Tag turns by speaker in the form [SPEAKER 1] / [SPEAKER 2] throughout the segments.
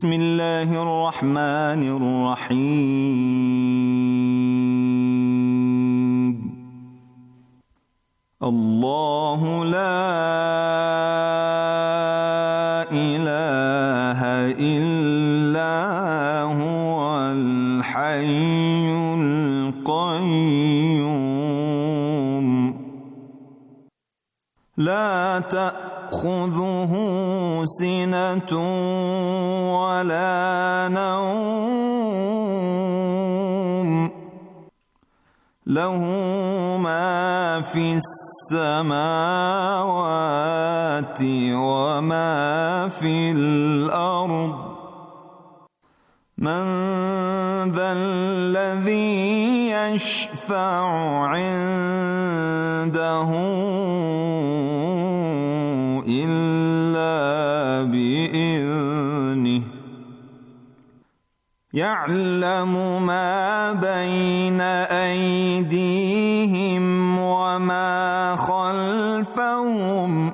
[SPEAKER 1] بسم الله الرحمن يشفع عنده إلا بإذنه يعلم ما بين أيديهم وما خلفهم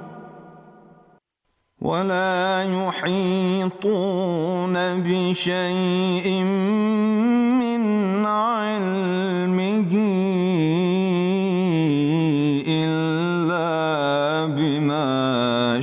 [SPEAKER 1] ولا يحيطون بشيء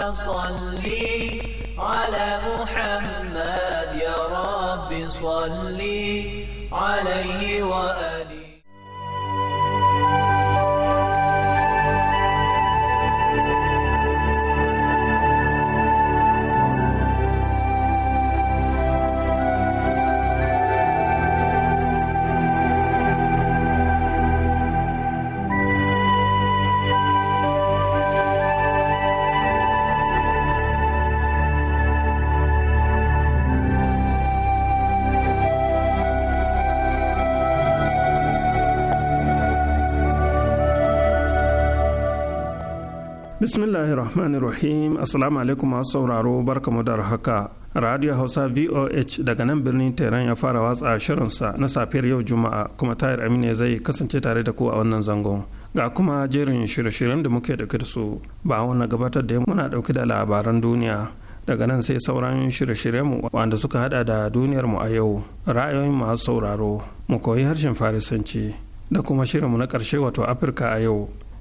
[SPEAKER 1] صلي على محمد يا رب صلي عليه وآله
[SPEAKER 2] bismillahir rahmanir rahim assalamu alaikum masu sauraro mu da haka radio hausa voh daga nan birnin tehran ya fara watsa shirinsa na safiyar yau juma'a kuma tayar amina zai kasance tare da ku a wannan zangon ga kuma jerin shirye-shiryen da muke dauke da su ba wannan gabatar da muna dauke da labaran duniya daga nan sai sauran shirye shiryen mu wanda suka hada da duniyar mu a yau ra'ayoyin masu sauraro mu koyi harshen farisanci da kuma shirin mu na karshe wato afirka a yau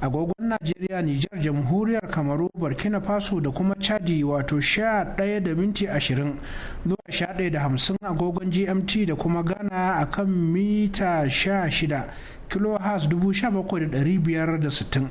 [SPEAKER 3] agogon najeriya nijar jamhuriyar kamaru burkina faso da kuma chadi wato sha ɗaya da minti ashirin zuwa sha ɗaya da hamsin agogon gmt da kuma ghana a kan mita sha shida kilohas dubu sha da sittin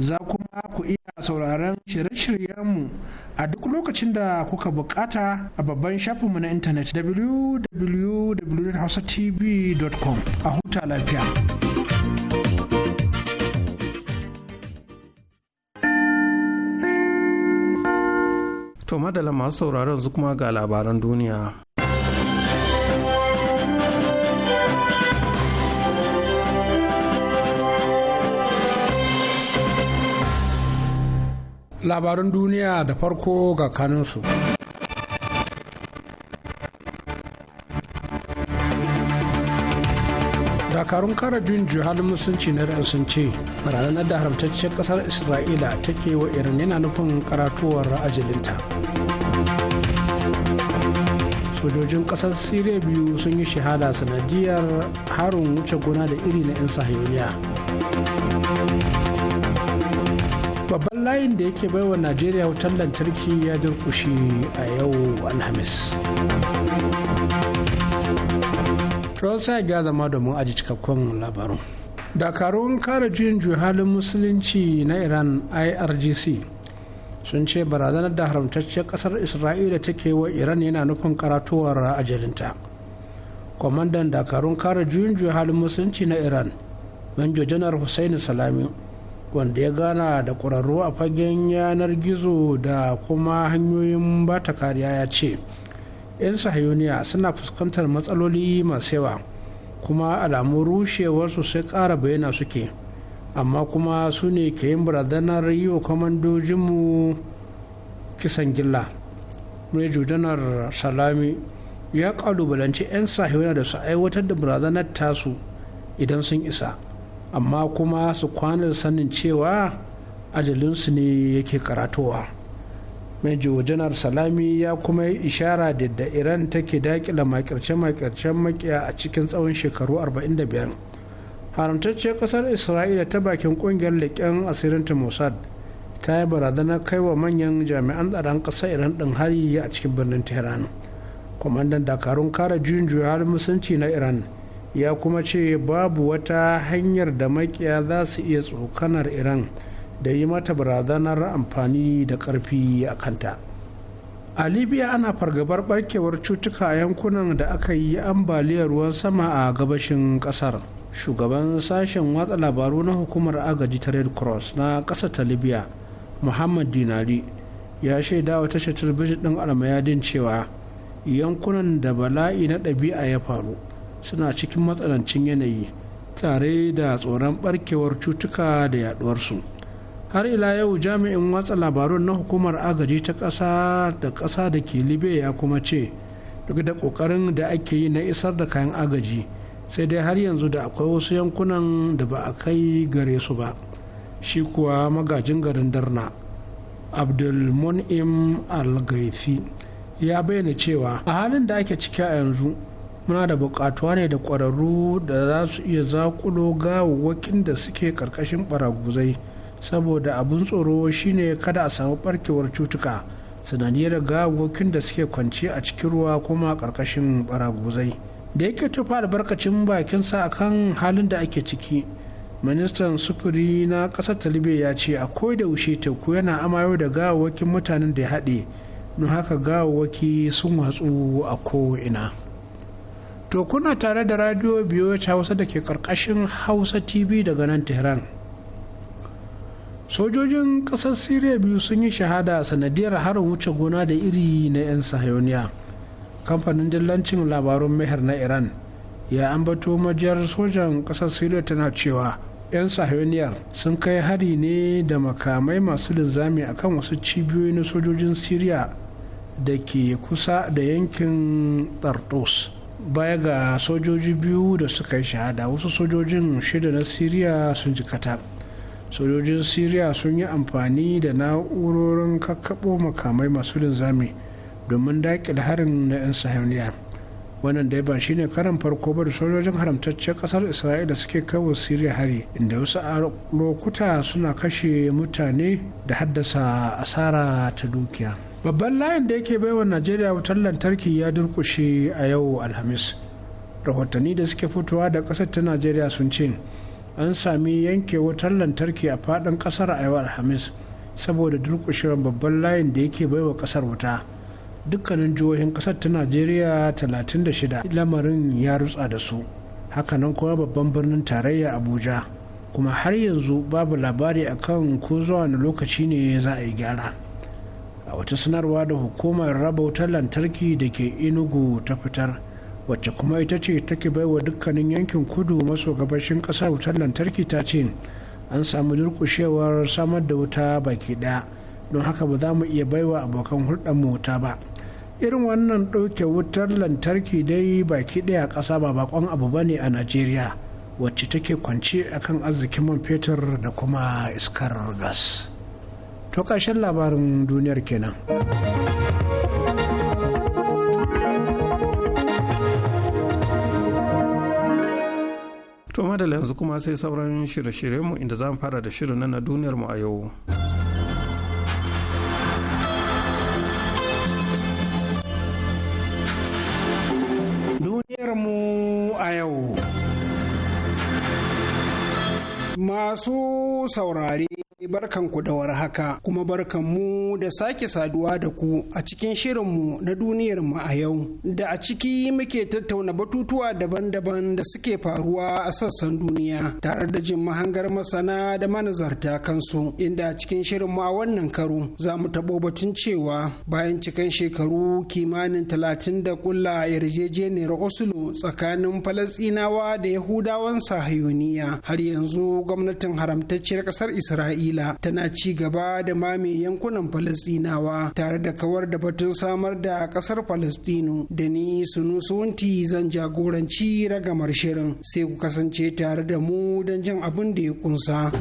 [SPEAKER 3] za kuma ku iya sauraron shirye-shiryenmu a duk lokacin da kuka bukata a babban shafinmu na intanet www.hausatv.com a huta lafiya.
[SPEAKER 2] To madala masu sauraron su kuma ga labaran duniya.
[SPEAKER 3] labaran duniya da farko ga kanunsu. dakarun kara jin juhalin musulunci na iran sun ce ranar da haramtacciyar kasar isra'ila ta wa irin yana nufin karatuwar ra'ajilinta sojojin kasar siriya biyu sun yi shahada sanadiyar harin wuce gona da iri na 'yan
[SPEAKER 4] sahiyoniya
[SPEAKER 3] babban layin da yake baiwa najeriya wutar lantarki ya durkushe a yau alhamis rosa ya zama domin aji cikakkun labarun. dakarun kare juyin halin musulunci na iran irgc sun ce barazanar da haramtacciyar kasar isra'ila take wa iran yana nufin karatuwar ajalinta kwamandan dakarun kare juyin halin musulunci na iran banjo janar hussaini salami wanda ya gana da ƙwararru a fagen yanar gizo da kuma hanyoyin bata kariya ya ce 'yan sahayuniya suna fuskantar matsaloli masu yawa kuma alamu rushewarsu sai ƙara bayyana suke amma kuma su ne ke yin barazanar yi wa kwamandojinmu kisan gilla rejo janar salami ya ƙalubalanci 'yan sahayuniya da su aiwatar da barazanar tasu idan sun isa amma kuma su kwana da sanin cewa ajalinsu ne yake karatowa major janar salami ya kuma yi ishara da da iran take dakila makirce-makircen makiya a cikin tsawon shekaru 45 haramtacciyar kasar isra'ila ta bakin kungiyar leƙen asirinta mossad ta yi barazanar kai wa manyan jami'an tsaron ƙasar iran ɗin hari a cikin birnin tehran kwamandan dakarun kare juyin juya musulunci na iran ya kuma ce babu wata hanyar da makiya za su iya tsokanar iran da yi mata barazanar amfani da karfi a kanta a libya ana fargabar barkewar cutuka a yankunan da aka yi ambaliyar ruwan sama a gabashin kasar shugaban sashen watsa labaru na hukumar agaji ta red cross na kasa ta libya muhammad dinari ya shaida wa tashar talabijin din almayadin cewa yankunan da bala'i na ɗabi'a ya faru suna cikin matsanancin yanayi tare da tsoron barkewar cutuka da yaduwarsu har ila yau jami'in watsa labarun na hukumar agaji ta ƙasa da ƙasa da ke libya ya kuma ce duk da ƙoƙarin da ake yi na isar da kayan agaji sai dai har yanzu da akwai wasu yankunan da ba a kai gare su ba shi kuwa magajin garin darna abdulmun'im al ya bayyana cewa a halin da ake ciki a yanzu muna da bukatuwa ne da ƙwararru da za su iya zakulo gawawwakin da suke ƙarƙashin ɓaraguzai saboda abin tsoro shine kada a samu ɓarkewar cutuka sanadiyar gawawwakin da suke kwanci a cikin ruwa kuma ƙarƙashin ɓaraguzai da yake tufa albarkacin sa akan halin da ake ciki ministan sufuri na ƙasar talibe ya ce akwai da wushe teku yana amayo da gawawwakin mutanen da ya haɗe don haka gawawwaki sun watsu a ina To kuna tare da radio BOH Hausa da ke karkashin Hausa TV daga nan Tehran. Sojojin ƙasar Siriya biyu sun yi shahada a sanadiyar harin wuce gona da iri na 'yan sahayoniya. Kamfanin dillancin labarun mahar na Iran ya ambato majiyar sojan ƙasar Siriya tana cewa 'yan sahayoniyar sun kai hari ne da makamai masu linzami akan wasu cibiyoyi na sojojin Siriya da ke kusa da yankin Tartus. baya ga sojoji biyu da suka yi shahada wasu sojojin shida na siriya sun jikata sojojin siriya sun yi amfani da na'urorin kakkaɓo makamai masu linzami domin daƙil harin na 'yan sahiyoniya wannan dai ba shine karan farko ba da sojojin haramtaccen kasar isra'ila suke kawo siriya hari inda wasu lokuta suna kashe mutane da haddasa asara ta dukiya babban layin da yake baiwa najeriya wutar lantarki ya durkushe a yau alhamis rahotanni da suke fitowa da ƙasar ta najeriya sun ce an sami yanke wutar lantarki a faɗin ƙasar a yau alhamis saboda durkushewar babban layin da yake baiwa ƙasar wuta dukkanin jihohin ƙasar ta najeriya 36 lamarin ya rutsa da su hakanan kuma babban birnin tarayya abuja kuma har yanzu babu labari akan ko zuwa lokaci ne za a yi gyara a wata sanarwa da hukumar raba wutar lantarki da ke inugu ta fitar wacce kuma ita ce take baiwa dukkanin yankin kudu maso gabashin kasar wutar lantarki ta ce an samu durkushewar samar da wuta baki daya don haka ba za mu iya baiwa abokan hulɗarmu wuta ba irin wannan ɗauke wutar lantarki dai baki daya ƙasa ba bakon abu ba ne a najeriya wacce take kwance akan arzikin man fetur da kuma iskar gas. to ƙarshen labarin duniyar kenan.
[SPEAKER 2] To madalla yanzu kuma sai sauran shirye-shiryenmu inda za mu fara da shirin na duniyar mu a yau.
[SPEAKER 5] Duniyar mu a yau. Masu saurari. Barkanku da warhaka kuma barkanmu da sake saduwa da ku a cikin shirinmu na duniyarmu a yau da a ciki muke tattauna batutuwa daban-daban da suke faruwa a sassan duniya tare da jin mahangar masana da manazarta kansu inda a cikin shirinmu a wannan karo za mu taɓo batun cewa bayan cikan shekaru kimanin talatin da kulla yarjejeniyar Oslo tsakanin Falasɗinawa da Yahudawan Sahayuniya har yanzu gwamnatin haramtacciyar ƙasar Isra'ila isra'ila tana ci gaba da mame yankunan falastinawa tare da kawar da batun samar da kasar falastinu da ni sunusunti zan jagoranci ragamar shirin sai ku kasance tare da mu don jin abin da ya kunsa.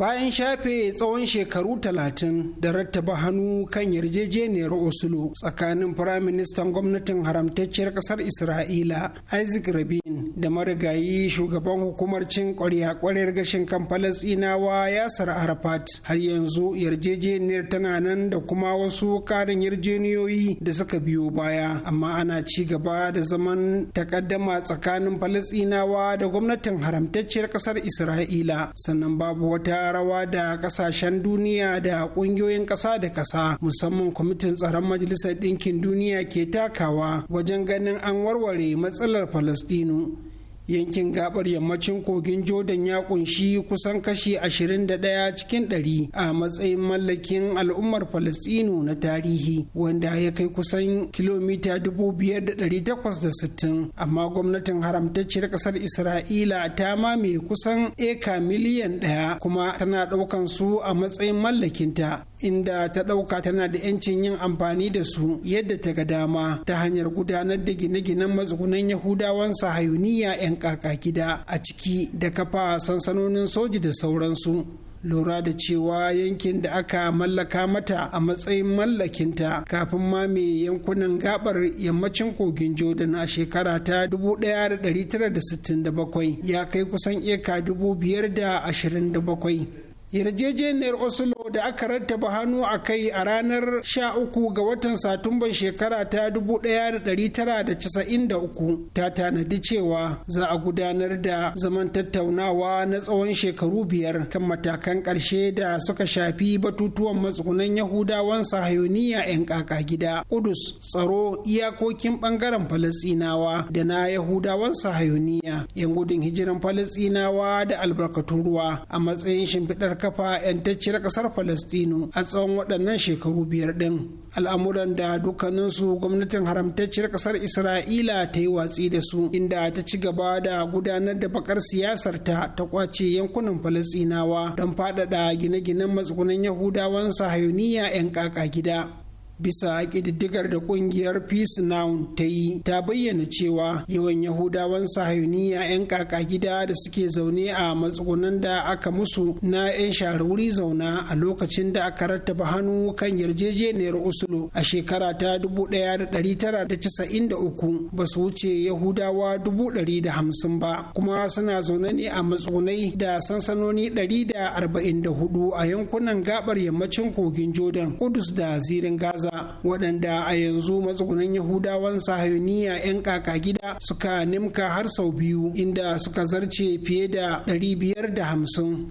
[SPEAKER 5] bayan shafe tsawon shekaru talatin da rattaba hannu kan yarjejeniyar oslo tsakanin firaministan gwamnatin haramtacciyar kasar isra'ila isaac rabin da marigayi shugaban hukumar cin kwarya-kwaryar gashin kan falasinawa yasar arafat har yanzu yarjejeniyar tana nan da kuma wasu karin yarjeniyoyi da suka biyo baya amma ana ci gaba da zaman takaddama tsakanin falasinawa da gwamnatin haramtacciyar kasar isra'ila sannan babu wata rawa da kasashen duniya da kungiyoyin kasa da kasa musamman kwamitin tsaron majalisar ɗinkin duniya ke takawa wajen ganin an warware matsalar falastinu yankin gabar yammacin kogin jordan ya kunshi kusan kashi 21 cikin 100 a matsayin mallakin al'ummar palestino na tarihi wanda ya kai kusan kilomita 5,860 amma gwamnatin haramtacciyar kasar isra'ila ta mame kusan eka miliyan ɗaya kuma tana ɗaukan su a matsayin mallakinta inda ta ɗauka tana da 'yancin yin amfani da su yadda ta ga dama ta hanyar gudanar da gine-ginen matsugunan yahudawan sahayuniya 'yan kaka gida a ciki da kafa sansanonin soji da sauransu lura da cewa yankin da aka mallaka mata a matsayin mallakinta kafin ma mai yankunan gabar yammacin kogin jordan a shekara ta 1967 ya kai kusan eka 5,027 yarjejeniyar oslo da aka rattaba hannu a kai a ranar 13 ga watan satumban shekara ta 1993 ta tanadi cewa za a gudanar da zaman tattaunawa na tsawon shekaru biyar kan matakan ƙarshe da suka shafi batutuwan matsugunan yahudawan sahayoniya 'yan kaka gida kudus tsaro iyakokin bangaren falasinawa da na yahudawan sahayoniya 'yan gudun hijiran falasinawa da albarkatun ruwa a matsayin shimfiɗar kafa 'yantacciyar kasar falastinu a tsawon waɗannan shekaru biyar ɗin al'amuran da dukkaninsu gwamnatin haramtacciyar kasar isra'ila ta yi watsi da su inda ta ci gaba da gudanar da bakar siyasar ta ta kwace yankunan falastinawa don faɗaɗa gine-ginen matsugunan yahudawan sahayuniya 'yan kaka gida bisa ƙididdigar da ƙungiyar peace now ta yi ta bayyana cewa yawan yahudawan sahayuniya 'yan kaka gida da suke zaune a matsugunan da aka musu na 'yan shahararwuri zauna a lokacin da aka rattaba hannu kan yarjejeniyar oslo a shekara ta 1993 ba su wuce yahudawa 150 ba kuma suna zaune ne a matsugunai da sansanoni 144 a yankunan gabar yammacin kogin jordan kudus da zirin gaza gaza waɗanda a yanzu matsugunan yahudawan sahayuniya 'yan kaka gida suka nimka har sau biyu inda suka zarce fiye da 550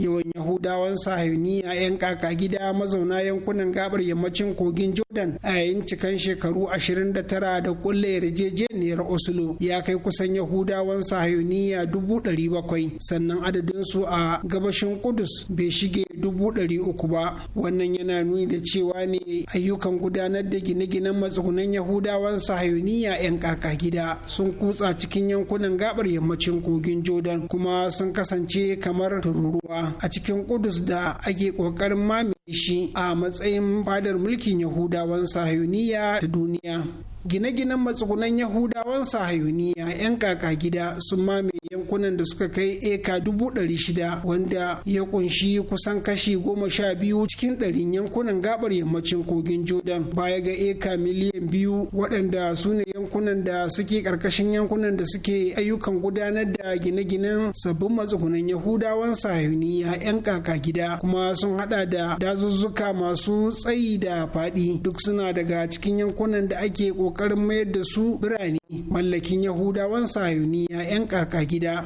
[SPEAKER 5] yawan yahudawan sahiniya 'yan kaka gida mazauna yankunan gabar yammacin kogin jordan a yayin cikan shekaru 29 da kulle yarjejeniyar oslo ya kai kusan yahudawan sahiniya 700 sannan adadinsu a gabashin kudus bai shige uku ba wannan yana nuni da cewa ne ayyukan gudanar da gine-ginen matsugunan yahudawan sahiniya 'yan kaka gida sun kutsa cikin yankunan gabar yammacin kogin jordan kuma sun kasance kamar tururuwa a cikin Kudus da ake ƙoƙarin mame shi a matsayin fadar mulkin Yahudawan sahayuniya ta duniya. Gine-ginen matsugunan Yahudawan sahayuniya 'yan kaka gida sun mame yankunan da suka kai eka dubu ɗari shida wanda ya kunshi kusan kashi goma sha biyu cikin ɗarin yankunan gabar yammacin kogin jordan baya ga eka miliyan biyu waɗanda su ne yankunan da suke ƙarƙashin yankunan da suke ayyukan gudanar da gine-ginen sabbin matsugunan yahudawan sahiyuniya 'yan kaka gida kuma sun hada da dazuzzuka masu tsayi da faɗi duk suna daga cikin yankunan da ake ƙoƙarin mayar da su birane mallakin yahudawan sahiyuniya 'yan kaka gida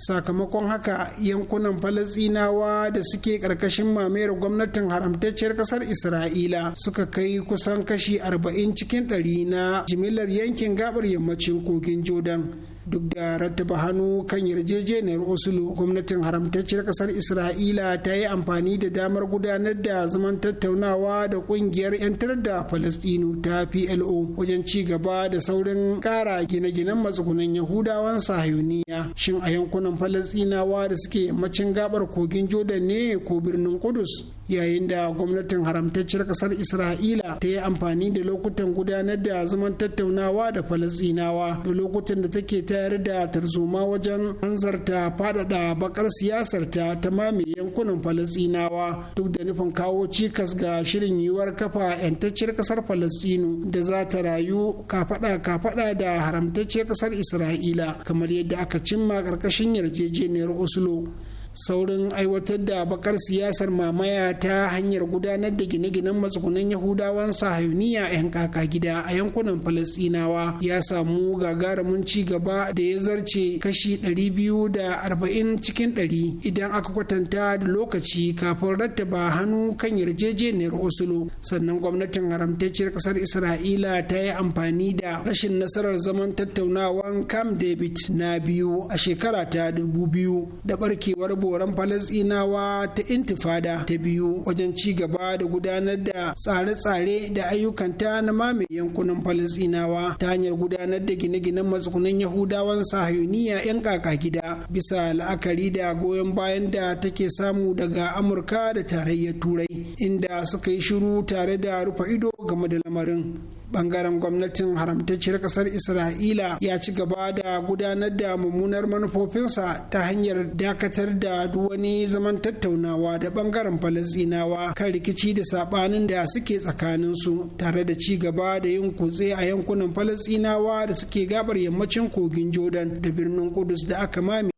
[SPEAKER 5] sakamakon haka yankunan falasinawa da suke ƙarƙashin mamayar gwamnatin haramtacciyar ƙasar isra'ila suka kai kusan kashi 40 cikin 100 na jimillar yankin gabar yammacin kogin jordan duk da rattaba hannu kan yarjejeniyar oslo gwamnatin haramtacciyar kasar isra'ila ta yi amfani da damar gudanar da zaman tattaunawa da kungiyar 'yantar da falastinu ta plo wajen ci gaba da saurin kara gine-ginen matsugunan yahudawan sahiyuniya shin a yankunan falastinawa da suke yammacin gabar kogin jordan ne ko birnin kudus yayin da gwamnatin haramtacciyar kasar isra'ila ta yi amfani da lokutan gudanar da zaman tattaunawa da falasinawa da lokutan da take tayar da tarzoma wajen hanzarta faɗaɗa bakar siyasarta ta mamaye yankunan falasinawa duk da nufin kawo cikas ga shirin yiwuwar kafa 'yantacciyar kasar falasinu da za ta rayu kafaɗa kafaɗa da haramtacciyar kasar isra'ila kamar yadda aka cimma ƙarƙashin yarjejeniyar oslo saurin aiwatar da bakar siyasar mamaya ta hanyar gudanar da gine-ginen matsugunan yahudawan sahayuniya 'yan kaka gida a yankunan falasinawa ya samu gagarumin ci gaba da ya zarce kashi 240 cikin 100 idan aka kwatanta da lokaci kafin rattaba hannu kan yarjejeniyar oslo sannan gwamnatin haramtacciyar kasar isra'ila ta yi amfani da rashin nasarar zaman tattaunawan camp david na biyu a shekara ta 2000 da barkewar boran falasinawa ta intifada ta biyu wajen ci gaba da gudanar da tsare-tsare da ayyukanta na mame yankunan falasinawa ta hanyar gudanar da gine-ginen matsugunan yahudawan sahuniya 'yan kaka gida bisa la'akari da goyon bayan da take samu daga amurka da tarayyar turai inda suka yi shiru tare da rufe ido game da lamarin bangaren gwamnatin haramtacciyar kasar isra'ila ya ci gaba da gudanar da mummunar manufofinsa ta hanyar dakatar da duk wani zaman tattaunawa da bangaren falasinawa kan rikici da sabanin da suke tsakaninsu tare da ci gaba da yin kutse a yankunan falasinawa da suke gabar yammacin kogin jordan da birnin kudus da aka mame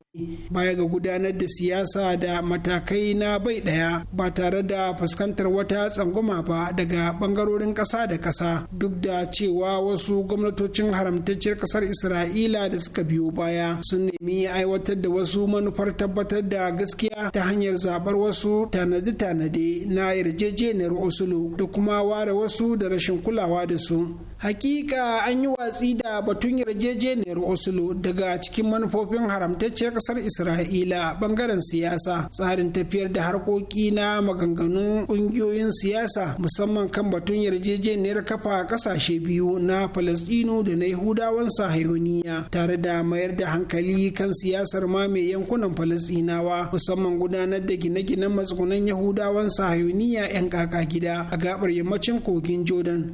[SPEAKER 5] baya ga gudanar da siyasa da matakai na bai ɗaya. ba tare da fuskantar wata tsangwama ba daga bangarorin ƙasa da ƙasa duk da cewa wasu gwamnatocin haramtacciyar ƙasar isra'ila da suka biyo baya sun nemi aiwatar da wasu manufar tabbatar da gaskiya ta hanyar zabar wasu tanade-tanade na yarjejeniyar oslo da kuma ware wasu da rashin kulawa da su hakika an yi watsi da batun yarjejeniyar oslo daga cikin manufofin haramtacciyar kasar isra'ila bangaren siyasa tsarin tafiyar da harkoki na maganganun ƙungiyoyin siyasa musamman kan batun yarjejeniyar kafa ƙasashe biyu na palestino da na yahudawan sahayoniya tare da mayar da hankali kan siyasar mame yankunan palestinawa musamman gudanar da gine-ginen matsugunan yahudawan sahayoniya 'yan kaka gida a gabar yammacin kogin jordan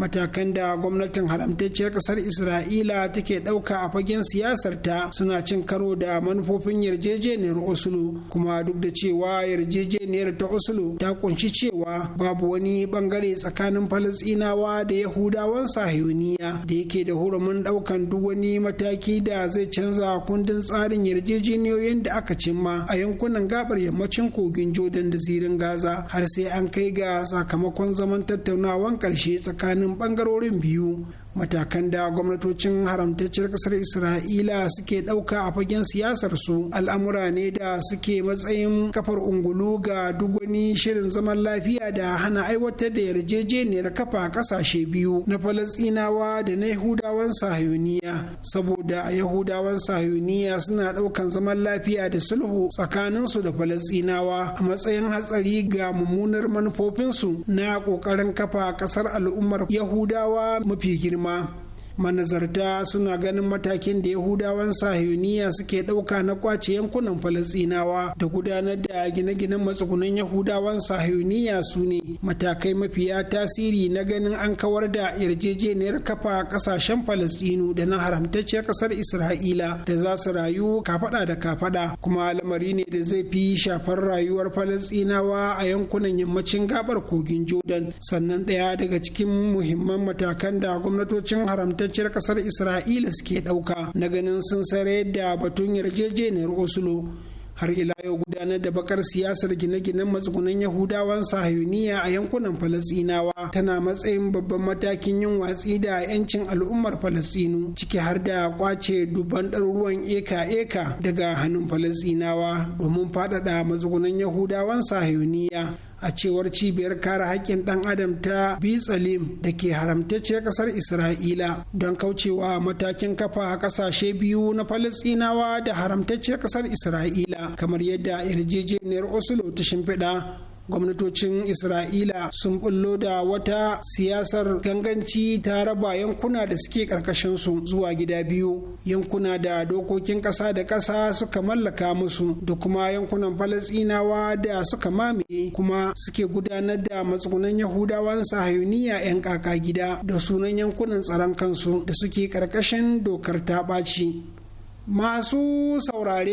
[SPEAKER 5] matakan da gwamnatin haramtacciyar kasar isra'ila take ɗauka a fagen siyasarta suna cin karo da manufofin yarjejeniyar oslo kuma duk da cewa yarjejeniyar ta oslo ta kunshi cewa babu wani bangare tsakanin falasinawa da yahudawan sahiyoniya da yake da hurumin ɗaukan duk wani mataki da zai canza kundin tsarin yarjejeniyoyin da aka cimma a yankunan gabar yammacin kogin jordan da zirin gaza har sai an kai ga sakamakon zaman tattaunawan ƙarshe tsakanin dukkanin bangarorin biyu matakan da gwamnatocin haramtaccen kasar isra'ila suke ɗauka a fagen siyasar su al'amura ne da suke matsayin kafar ungulu ga duk wani shirin zaman lafiya da hana aiwatar da yarjejeniyar kafa ƙasashe biyu na falasinawa da na yahudawan sahiyoniya saboda yahudawan sahiyoniya suna ɗaukan zaman lafiya da sulhu tsakaninsu da falasinawa a matsayin hatsari ga mummunar manufofinsu na ƙoƙarin kafa ƙasar al'ummar yahudawa mafi girma girma manazarta suna ganin matakin da yahudawan sahiyoniya suke ɗauka na kwace yankunan falasinawa da gudanar da gine-ginen matsugunan yahudawan sahiyoniya su ne matakai mafiya tasiri na ganin an kawar da yarjejeniyar kafa ƙasashen falasinu da na haramtacciyar ƙasar isra'ila da za su rayu kafaɗa da kafaɗa kuma lamari ne da zai fi shafar rayuwar falasinawa a yankunan yammacin gabar kogin jordan sannan ɗaya daga cikin muhimman matakan da gwamnatocin haramtacciyar haramtacciyar kasar isra'ila suke ɗauka na ganin sun sare da batun yarjejeniyar oslo har ila yau gudanar da bakar siyasar gine-ginen matsugunan yahudawan sahayuniya a yankunan falasinawa tana matsayin babban matakin yin watsi da 'yancin al'ummar falasinu ciki har da kwace dubban ɗaruruwan eka-eka daga hannun falasinawa domin faɗaɗa matsugunan yahudawan sahayuniya a cewar cibiyar kare haƙƙin ɗan adam ta bitsalim da ke haramtacciyar ƙasar isra'ila don kaucewa matakin kafa a ƙasashe biyu na falasinawa da haramtacciyar ƙasar isra'ila kamar yadda yarjejeniyar oslo ta shimfiɗa gwamnatocin isra'ila sun bullo da wata siyasar ganganci ta raba yankuna da suke su zuwa gida biyu yankuna da dokokin ƙasa da ƙasa suka mallaka musu da kuma yankunan falasinawa da suka mamaye kuma suke gudanar da matsugunan yahudawan sahayuniya 'yan kaka gida da sunan yankunan tsaron kansu da suke ƙarƙashin dokar ta ɓaci masu saurare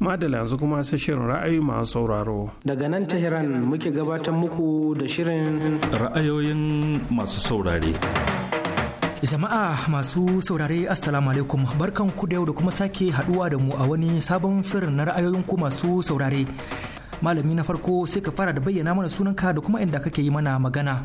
[SPEAKER 2] madala yanzu kuma sai shirin ra'ayi masu sauraro.
[SPEAKER 3] Daga nan Tehran muke gabatar muku da shirin
[SPEAKER 2] ra'ayoyin
[SPEAKER 6] masu saurare.
[SPEAKER 7] Jama'a masu saurare Assalamu alaikum barkan ku da yau da kuma sake haduwa da mu a wani sabon firin na ra'ayoyin ku masu saurare. Malami na farko sai ka fara da bayyana mana sunanka da kuma inda kake yi mana magana.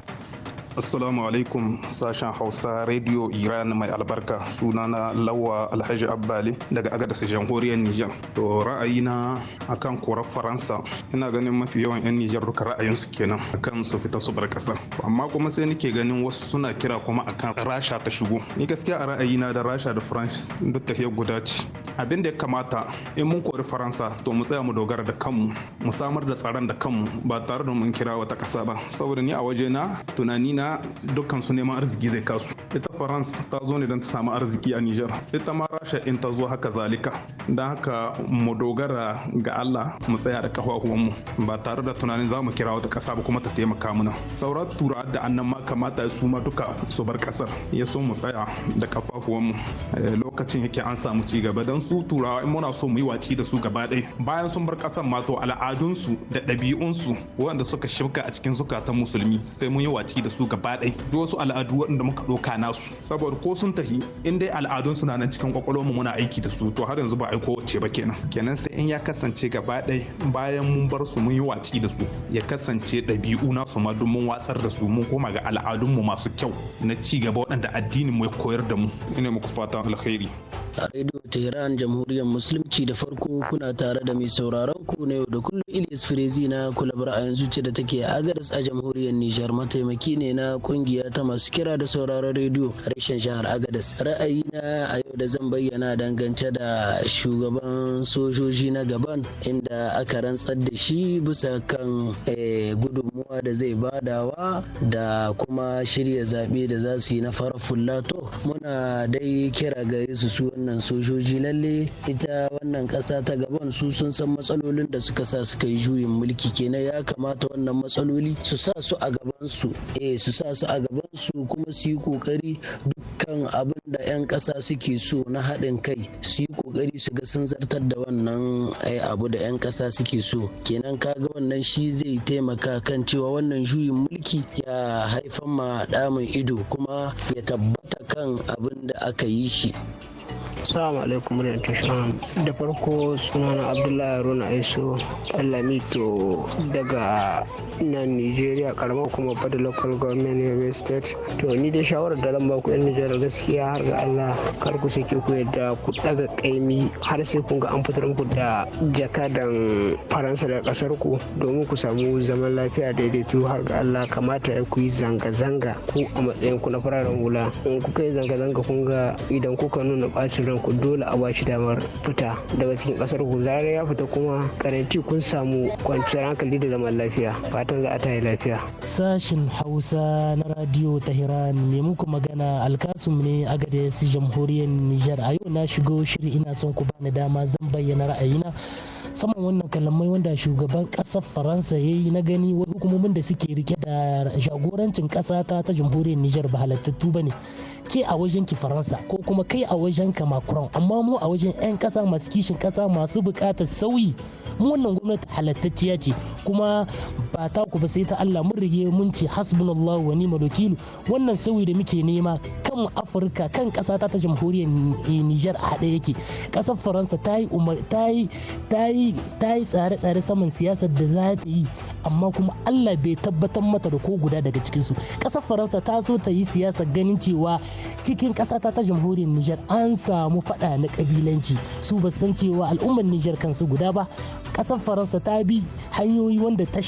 [SPEAKER 8] Assalamu alaikum sashen Hausa Radio Iran mai albarka suna sunana Lawa Alhaji Abbali daga Agadas Jamhuriyar Nijar. To ra'ayina akan korar Faransa ina ganin mafi yawan 'yan Nijar duka ra'ayinsu kenan akan su fita su bar kasa. Amma kuma sai nake ganin wasu suna kira kuma akan Rasha ta shigo. Ni gaskiya a ra'ayi na da Rasha da France duk tafiyar guda ce. Abin da ya kamata in mun kori Faransa to mu tsaya mu dogara da kanmu mu samar da tsaron da kanmu ba tare da mun kira wata ƙasa ba. Saboda ni a waje tunani na. na dukkan su neman arziki zai kasu ita france ta zo ne don ta samu arziki a niger ita ma rasha in ta zo haka zalika don haka mu dogara ga allah mu tsaya da kafafuwanmu ba tare da tunanin za mu kira wata ƙasa ba kuma ta taimaka mana sauran tura da annan ma kamata su ma duka su bar ƙasar ya so mu tsaya da kafafuwanmu eh, lokacin yake an samu ci gaba don su turawa in muna so mu yi waci da su gaba ɗaya bayan sun bar ƙasar mato al'adunsu da ɗabi'unsu waɗanda suka shimka a cikin zukatan musulmi sai mun yi waci da su gaba ɗaya duk wasu al'adu waɗanda muka ɗauka nasu saboda ko sun tafi in dai al'adunsu na nan cikin mu muna aiki da su to har yanzu ba aiko wacce ba kenan kenan sai in ya kasance gaba ɗaya bayan mun bar su mun yi waci da su ya kasance ɗabi'u nasu ma duk mun watsar da su mun koma ga al'adunmu masu kyau na ci gaba waɗanda addinin mu ya koyar da mu ina muku fatan alkhairi zaɓi.
[SPEAKER 9] a rediyo tehran jamhuriyar musulunci da farko kuna tare da mai sauraron ku na yau da kullum Ilyas firezi na kulabar a yanzu ce da take a agadas a jamhuriyar nijar mataimaki ne na kungiya ta masu kira da sauraron rediyo a reshen jihar agadas ra'ayi na a yau da zan bayyana dangance da shugaban sojoji na gaban inda aka rantsar da shi bisa kan eh, gudunmuwa da zai badawa da kuma shirya zaɓe da za su yi na farar to muna dai kira gari su su wannan sojoji lalle ita wannan kasa ta gaban su sun san matsalolin da suka sa suka yi juyin mulki kenan ya kamata wannan matsaloli su sa su a gaban su eh su sa su a gaban su kuma su yi kokari dukkan abin da yan kasa suke so na haɗin kai su yi kokari su ga sun zartar da wannan ai eh, abu da yan kasa suke so kenan kaga wannan shi zai taimaka kan cewa wannan juyin mulki ya haifan ma damun ido kuma ya tabbata kan abin da aka yi shi
[SPEAKER 10] Assalamu alaikum muryar tashan. Da farko sunana Abdullahi Haruna Aiso Alamito daga nan Nigeria karamar kuma fada local government Yobe state. To ni dai shawarar da zan baku 'yan nigeria gaskiya har ga Allah kar ku sake ku yadda ku daga kaimi har sai kun ga an fitar muku da jakadan Faransa da kasar ku domin ku samu zaman lafiya daidaito har ga Allah kamata ya ku yi zanga-zanga ku a matsayin ku na fararen hula. In kuka yi zanga-zanga kun ga idan kuka nuna bacin wannan ku dole a bashi damar fita daga cikin kasar ku zarar ya fita kuma karanci kun samu kwanciyar hankali da zaman lafiya fatan za a tayi lafiya
[SPEAKER 11] sashin hausa na radio tahiran me muku magana alkasum ne a su jamhuriyar nijar a yau na shigo shiri ina son ku bani dama zan bayyana ra'ayina saman wannan kalamai wanda shugaban kasar faransa ya yi na gani hukumomin da suke rike da jagorancin kasa ta ta jamhuriyar nijar ba halattattu ba ne ke a wajen ki faransa ko kuma kai a wajen ka macron amma mu a wajen 'yan kasa masu kishin kasa masu bukatar sauyi mu wannan gwamnati halattacciya ce kuma ba ta ku ba sai ta Allah mun rige mun ce hasbunallahu wa ni'mal wakil wannan sauyi da muke nema kan Afirka kan kasa ta ta jamhuriyar Niger a yake kasar Faransa ta yi ta yi ta yi tsare-tsare saman siyasar da za ta yi amma kuma Allah bai tabbatar mata da ko guda daga su ƙasar faransa ta so ta yi siyasa ganin cewa cikin ƙasa ta jamhuriyar nijar an samu faɗa na ƙabilanci su ba san cewa al'ummar nijar kansu guda ba ƙasar faransa ta bi hanyoyi wanda ta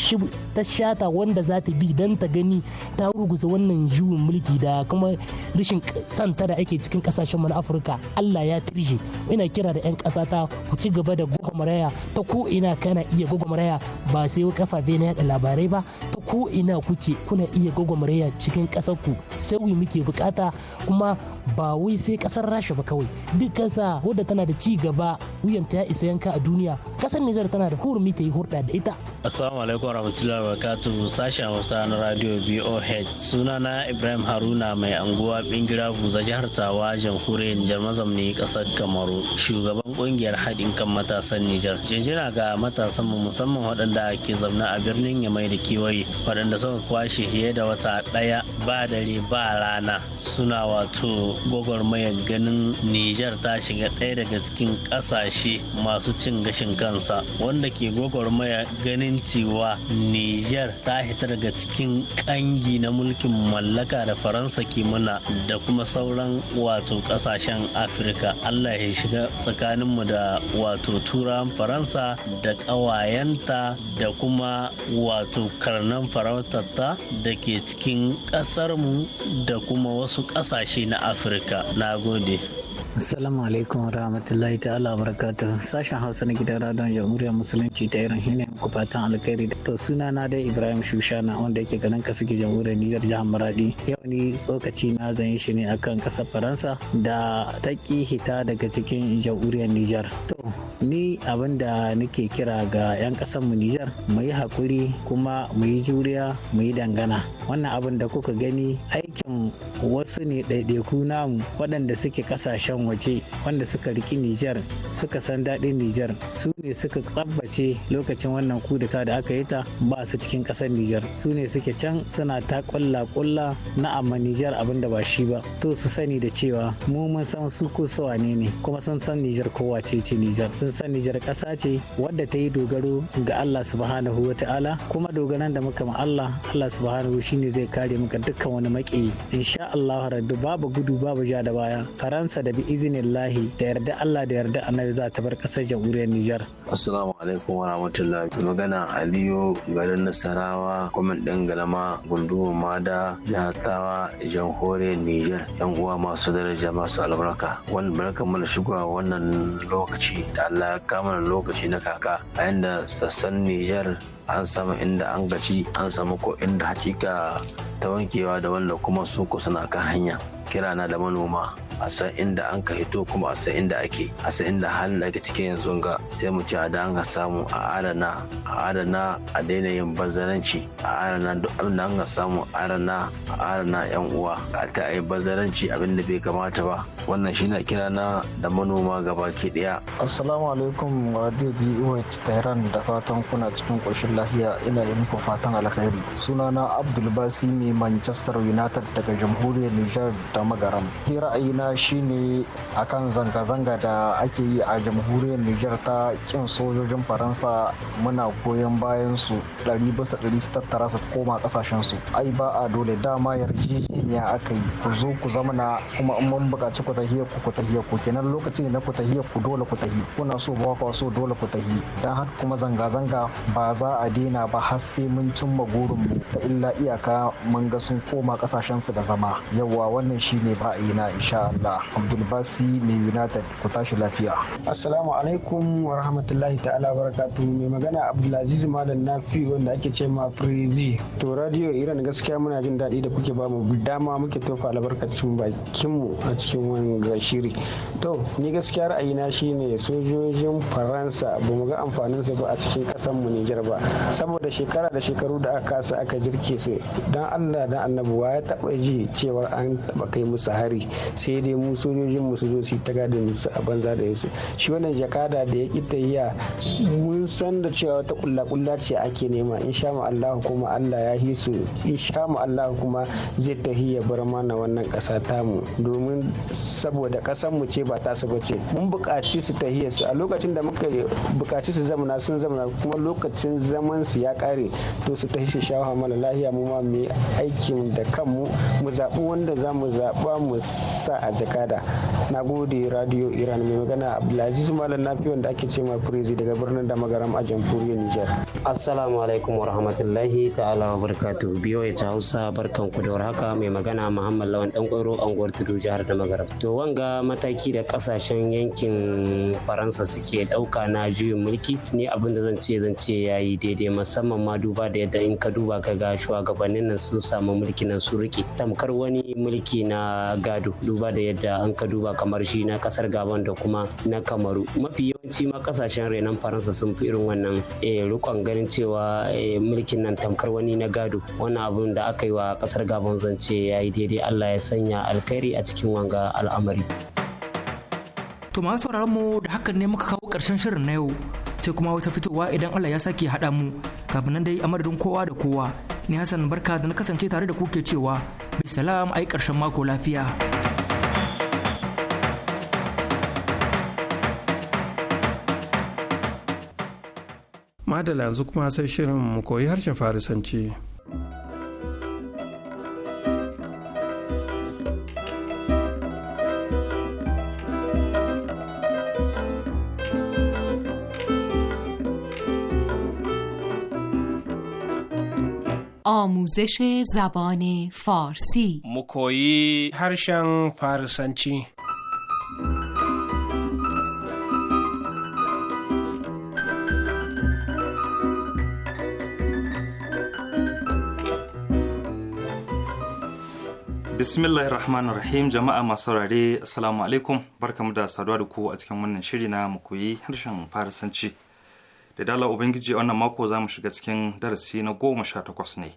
[SPEAKER 11] shata wanda za ta bi don ta gani ta ruguza wannan juyin mulki da kuma rashin santa da ake cikin ƙasashen mu na afirka allah ya tirje ina kira da 'yan ƙasa ta ku ci gaba da gwagwamaraya ta ko ina kana iya gwagwamaraya ba sai kafa na yada labarai ba ta ko ina kuke kuna iya gwagwamraya cikin ƙasar ku sauyi muke bukata kuma ba wai sai ƙasar rasha ba kawai duk ƙasa wadda tana da ci gaba wuyanta ya isa yanka a duniya ƙasar nijar tana da hurumi ta yi hurɗa da ita
[SPEAKER 12] assalamu alaikum warahmatullahi wabarakatuh sashen hausa na radio boh na ibrahim haruna mai anguwa bingira buza jihar tawa jamhuriyar nijar mazamni ƙasar kamaru shugaban ƙungiyar haɗin kan matasan nijar jinjina ga matasan musamman waɗanda ke zamna a birnin birnin yamai da kewaye waɗanda suka kwashe fiye da wata ɗaya ba dare ba rana suna wato maya ganin nijar ta shiga ɗaya daga cikin ƙasashe masu cin gashin kansa wanda ke maya ganin cewa nijar ta hita daga cikin ƙangi na mulkin mallaka da faransa ke muna da kuma sauran wato ƙasashen afirka allah ya shiga tsakaninmu da wato turan faransa da ƙawayenta da kuma wato karnan farautarta da ke cikin kasarmu da kuma wasu ƙasashe na afirka na gode
[SPEAKER 13] Assalamu alaikum wa rahmatullahi ta'ala wa barakatuh. Sashen Hausa na gidan radon jamhuriyar musulunci ta irin hini ne fatan alkhairi. To suna na dai Ibrahim Shushana wanda yake ganin ka suke jamhuriyar Nijar jihar Maradi. Yau ni tsokaci na zan yi shi ne akan kasar Faransa da ta ki hita daga cikin jamhuriyar Nijar. To ni abin da nake kira ga 'yan kasar mu Nijar mu yi hakuri kuma mu yi juriya mu yi dangana. Wannan abin da kuka gani aikin wasu ne ɗaiɗaiku namu waɗanda suke ƙasashe kasashen waje wanda suka riki Nijar suka san daɗin Nijar su ne suka tsabbace lokacin wannan kudeta da aka yi ta ba su cikin ƙasar Nijar su ne suke can suna ta ƙulla kulla na amma Nijar abin da ba shi ba to su sani da cewa mu mun san su ko su ne kuma sun san Nijar kowa ce ce Nijar sun san Nijar ƙasa ce wadda ta yi dogaro ga Allah subhanahu wa ta'ala kuma dogaran da muka ma Allah Allah subhanahu ne zai kare muka dukkan wani maƙi insha Allah babu gudu babu ja da baya Faransa da bi lahi da yarda Allah da yarda annabi za ta bar kasar jamhuriyar Nijar.
[SPEAKER 9] Assalamu alaikum wa rahmatullahi magana Aliyu garin Nasarawa kwamin ɗin galama gunduma mada jihar Tawa jamhuriyar Nijar yan uwa masu daraja masu albarka wani barka mana shigowa wannan lokaci da Allah ya kama lokaci na kaka a yanda sassan Nijar an samu inda an gaci an samu ko inda hakika ta wankewa da wanda kuma su ku suna kan hanya kira na da manoma a san inda an ka hito kuma a san inda ake a san inda halin da ake cike yanzu ga sai mu ci a da an ka samu a adana a adana a daina yin bazaranci a adana duk abin da an ka samu a adana a adana yan uwa a ta yi bazaranci abin da bai kamata ba wannan shi na kira na da manoma gaba ki daya
[SPEAKER 10] assalamu alaikum radio biyu ta da fatan kuna cikin koshin lafiya ina yi muku fatan alkhairi sunana abdul basi mai manchester united daga jamhuriyar nijar da magaram ki ra'ayina shine akan zanga-zanga da ake yi a jamhuriyar nijar ta kin sojojin faransa muna goyon bayan su ɗari bisa ɗari su tattara su koma ƙasashen su ai ba a dole dama yarjejeniya aka yi ku zo ku zamana kuma in mun buƙaci ku tahiya ku ku tahiya ku kenan lokaci na ku tahiya ku dole ku tahi kuna so ba ku so dole ku tahi dan haka kuma zanga-zanga ba za a a daina ba har sai mun cimma burinmu ta illa iyaka mun ga sun koma kasashensu da zama yawa wannan shine ba a yi na insha Allah Abdulbasi mai United ku tashi lafiya Assalamu alaikum wa rahmatullahi ta'ala barakatu mai magana Abdulaziz Malam Nafi wanda ake ce ma Prezi to radio Iran gaskiya muna jin daɗi da kuke ba mu dama muke tofa albarkacin bakin mu a cikin wani shiri to ni gaskiya ra'ayina shine sojojin Faransa ba mu ga amfanin su ba a cikin ƙasar mu Nijar ba saboda shekara da shekaru da aka kasa aka jirke su don allah da wa ya taba ji cewa an taba kai musu hari sai dai mu sojojin mu su zo su ta gadin su a banza da yasu shi wannan jakada da ya kita yi mun san da cewa wata kulla kulla ce ake nema in sha mu allah kuma allah ya hi su in sha mu allah kuma zai tahi ya bar mana wannan kasa tamu domin saboda kasan mu ce ba ta su bace mun buƙaci su tahiya su a lokacin da muka bukaci su zamana sun zamana kuma lokacin zama zaman su ya kare to su ta shi shawa mana lahiya mu ma mu aikin da kanmu mu zaɓi wanda za mu zaɓa mu sa a jakada na gode radio iran mai magana abdulaziz malam nafi wanda ake ce ma firizi daga birnin damagaram a jamhuriyar nijar
[SPEAKER 11] assalamu alaikum rahmatullahi ta'ala wa barakatuh biyo ya hausa barkan ku da warhaka mai magana muhammad lawan dan kwaro anguwar tudu jihar damagaram to wanga mataki da kasashen yankin faransa suke dauka na juyin mulki ne abinda da zan ce zan ce yayi daidai musamman ma duba da yadda in ka duba ka ga shugabannin nan sun samu mulki nan sun rike tamkar wani mulki na gado duba da yadda an ka duba kamar shi na kasar gabon da kuma na kamaru mafi yawanci ma kasashen renon faransa sun fi irin wannan eh, rukon ganin cewa eh, mulkin nan tamkar wani na gado wannan abun da aka yi wa kasar gabon zance ya yi daidai allah ya sanya alkhairi a cikin wanga al'amari. To masu
[SPEAKER 7] sauraron mu da hakan ne muka kawo ƙarshen shirin na yau sai kuma wata fitowa idan Allah ya sake haɗa mu kafin nan dai a madadin kowa da kowa ni Hassan barka da na kasance tare da ku ke cewa salam
[SPEAKER 2] ai ƙarshen mako lafiya. Madala yanzu kuma sai shirin mu koyi harshen Farisanci.
[SPEAKER 14] آموزش زبان فارسی
[SPEAKER 3] مکویی هرشن فارسنچی
[SPEAKER 6] bismillahir rahmanir rahim jama'a masu saurare assalamu alaikum barkamu da saduwa da ku a cikin wannan shiri na mu koyi harshen farisanci da dala ubangiji wannan mako za mu shiga cikin darasi na goma sha takwas ne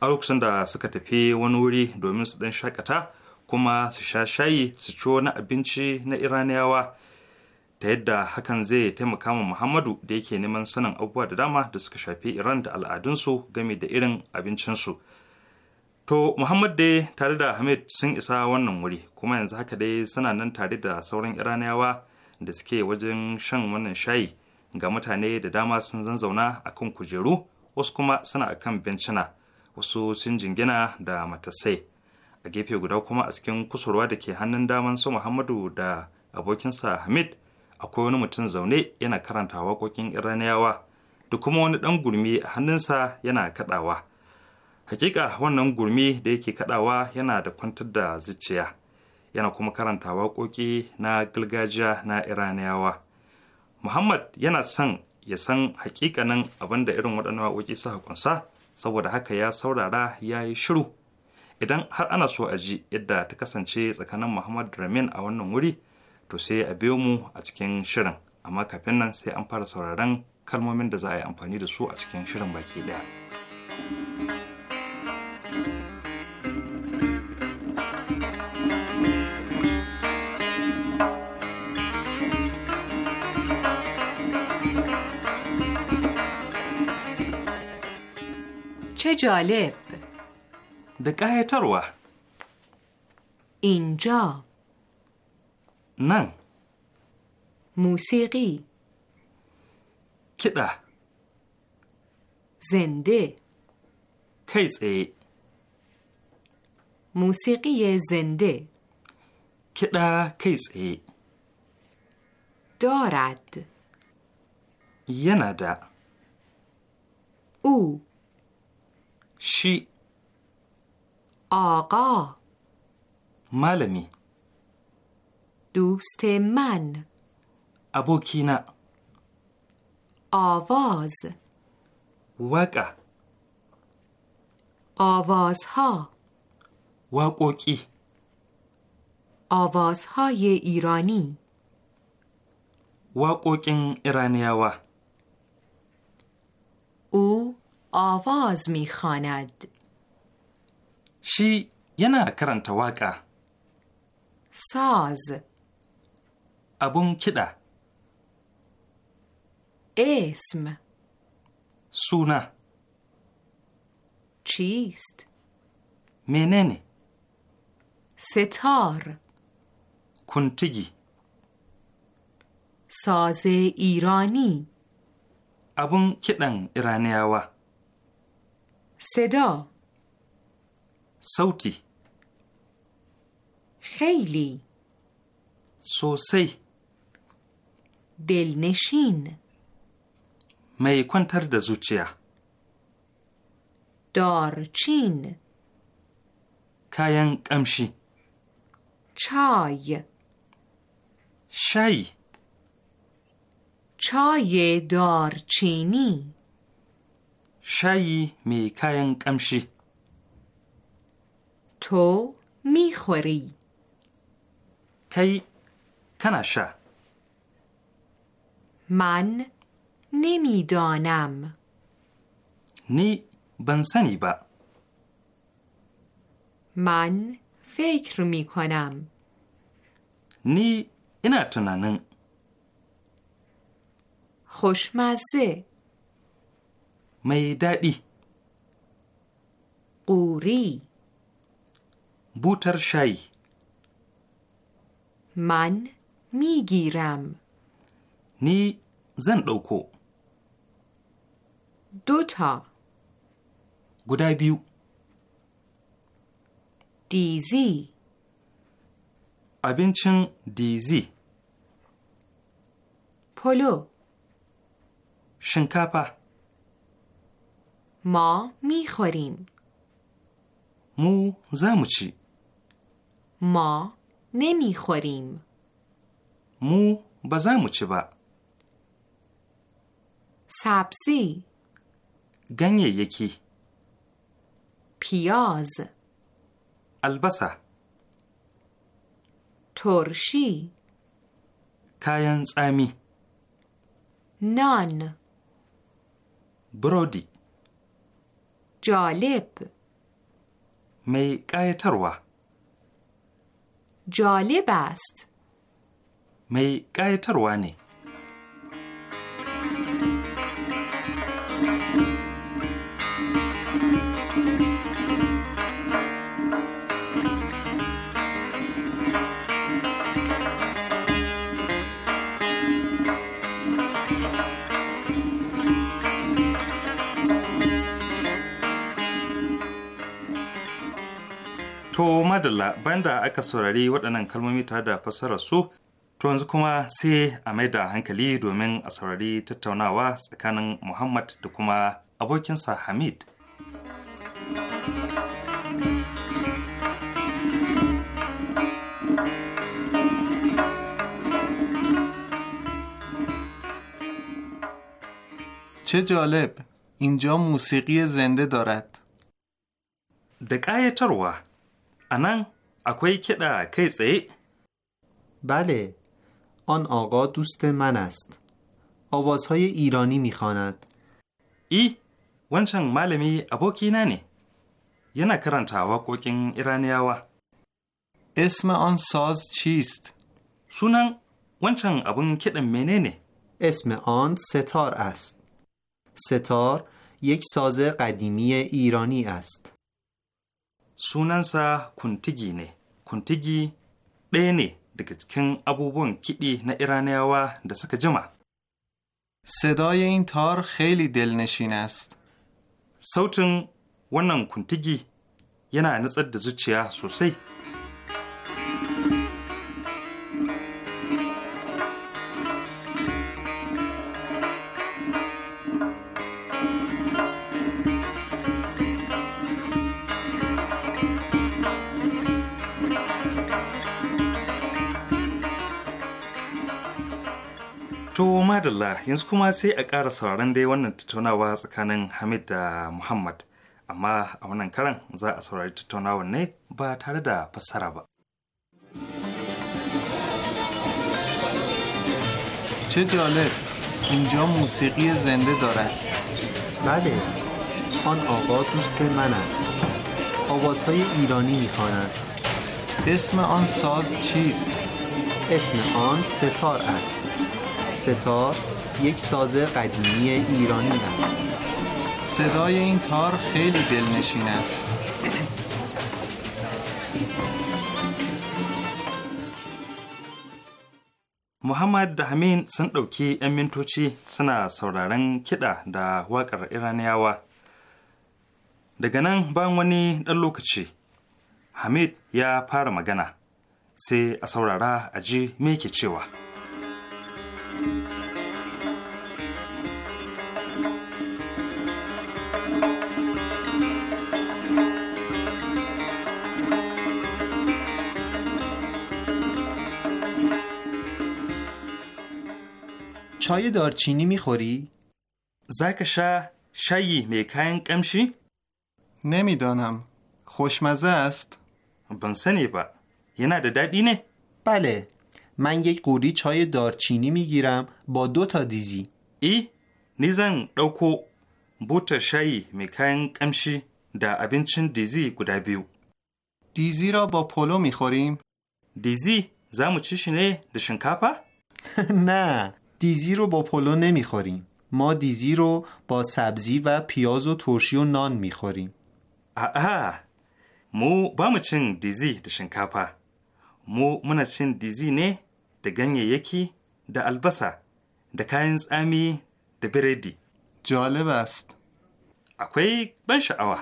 [SPEAKER 6] a lokacin da suka tafi wani wuri domin su dan shakata kuma su sha shayi su ci wani abinci na iraniyawa ta yadda hakan zai taimaka ma muhammadu da yake neman sanin abubuwa da dama da suka shafi iran da al'adunsu game da irin abincinsu to muhammad dai tare da hamid sun isa wannan wuri kuma yanzu haka dai suna nan tare da sauran iraniyawa da suke wajen shan wannan shayi ga mutane da dama sun zanzauna akan kujeru wasu kuma suna akan bencina wasu sun jingina da matasai a gefe guda kuma a cikin kusurwa da ke hannun daman su muhammadu da abokinsa hamid akwai wani mutum zaune yana karanta waƙoƙin iraniyawa da kuma wani ɗan gurmi a hannunsa yana kaɗawa hakika wannan gurmi da yake kaɗawa yana da kwantar da zuciya yana kuma karanta waƙoƙi na gargajiya na iraniyawa muhammad yana son ya san hakikanin abin da irin waɗannan waƙoƙi suka kunsa saboda haka ya saurara ya yi shiru idan har ana so a ji yadda ta kasance tsakanin muhammad ramin a wannan wuri to sai a biyo mu a cikin shirin amma kafin nan sai an fara sauraron kalmomin da za a yi amfani da su a cikin shirin baki daya. جالب دقه تروه
[SPEAKER 14] اینجا نن موسیقی کده زنده کیسه موسیقی زنده
[SPEAKER 6] کده کیسه
[SPEAKER 14] دارد
[SPEAKER 6] ینده
[SPEAKER 14] او Shi. Aga. Malami. Duste man.
[SPEAKER 6] Abokina.
[SPEAKER 14] Avaz. Waka. Avaz ha.
[SPEAKER 6] Wakoki.
[SPEAKER 14] ye irani.
[SPEAKER 6] Wakokin iraniyawa.
[SPEAKER 14] U. آواز می خاند.
[SPEAKER 6] شی ینا کرن تواقع
[SPEAKER 14] ساز
[SPEAKER 6] ابون کدا
[SPEAKER 14] اسم سونا چیست منن ستار
[SPEAKER 6] کنتگی
[SPEAKER 14] ساز ایرانی
[SPEAKER 6] ابون کدن ایرانیاوه
[SPEAKER 14] صدا Sauti. خیلی Sosai. دلنشین
[SPEAKER 6] mai kwantar da zuciya.
[SPEAKER 14] Dorcin Kayan ƙamshi. Chai Shayi. Chai dorcini
[SPEAKER 6] شایی می کاین کمشی
[SPEAKER 14] تو میخوری
[SPEAKER 6] کی شا
[SPEAKER 14] من نمی دانم
[SPEAKER 6] نی بنسنی با
[SPEAKER 14] من فکر می کنم
[SPEAKER 6] نی اینا تنانن
[SPEAKER 14] خوشمزه mai daɗi. ƙuri butar shayi man migiram
[SPEAKER 6] ni zan ɗauko duta guda biyu dz abincin dz polo shinkafa
[SPEAKER 14] ما میخوریم
[SPEAKER 6] مو زموچی
[SPEAKER 14] ما نمیخوریم
[SPEAKER 6] مو بزموچی با
[SPEAKER 14] سبزی
[SPEAKER 6] گنگ یکی
[SPEAKER 14] پیاز البسه ترشی
[SPEAKER 6] کاینز امی.
[SPEAKER 14] نان برودی جالب
[SPEAKER 6] می قایتروا
[SPEAKER 14] جالب است
[SPEAKER 6] می قایتروا نه madalla banda aka saurari waɗannan kalmomi tare da fassarar su, to yanzu kuma sai a mai da hankali domin a saurari tattaunawa tsakanin Muhammad da kuma abokinsa Hamid.
[SPEAKER 15] چه جالب اینجا موسیقی زنده دارد Da انان اکوی کدا کی بله آن آقا دوست من است آوازهای ایرانی میخواند ای
[SPEAKER 6] wancan malami یه ne yana karanta ایرانی iraniyawa
[SPEAKER 15] اسم آن ساز چیست؟ سونن ابون abun مننه menene اسم آن ستار است ستار یک ساز قدیمی ایرانی است sunansa kuntigi
[SPEAKER 6] ne kuntigi ɗaya ne daga cikin abubuwan kiɗi na iraniyawa da suka jima صدای این تار خیلی دلنشین است. sautin wannan kuntigi yana nutsar da zuciya sosai. madalla yanzu kuma sai a ƙara sauraron dai wannan tattaunawa tsakanin Hamid da Muhammad. Amma a wannan karan za a saurari tattaunawar ne ba tare da
[SPEAKER 15] fassara ba. چه جالب اینجا موسیقی زنده دارد بله آن آقا دوست من است آوازهای ایرانی میخواند اسم آن ساز چیست اسم آن ستار است ستار یک ساز قدیمی ایرانی است صدای این تار خیلی دلنشین است Muhammad da
[SPEAKER 6] Hamin sun ɗauki 'yan mintoci suna sauraron kiɗa da waƙar Iraniyawa. Daga nan bayan wani ɗan lokaci, Hamid ya fara magana, sai a saurara a ji me ke cewa.
[SPEAKER 15] چای دارچینی میخوری؟ زک شه شایی میکنگ کمشی؟ نمیدانم خوشمزه است؟ بنسنی با یه نده دادی نه؟ بله من یک قوری چای دارچینی میگیرم با دو تا دیزی ای نیزن دوکو بوت
[SPEAKER 6] شایی میکن کمشی دا ابینچن دیزی گودا بیو دیزی را با
[SPEAKER 15] پولو میخوریم دیزی زمو چیشی نه کپا؟ نه دیزی رو با پولو نمیخوریم ما دیزی رو با سبزی و پیاز و ترشی و نان میخوریم آه مو با دیزی
[SPEAKER 6] دیزی کپا. مو منچن دیزی نه da ganyayyaki da albasa da kayan tsami da biredi. جالب akwai ban sha'awa.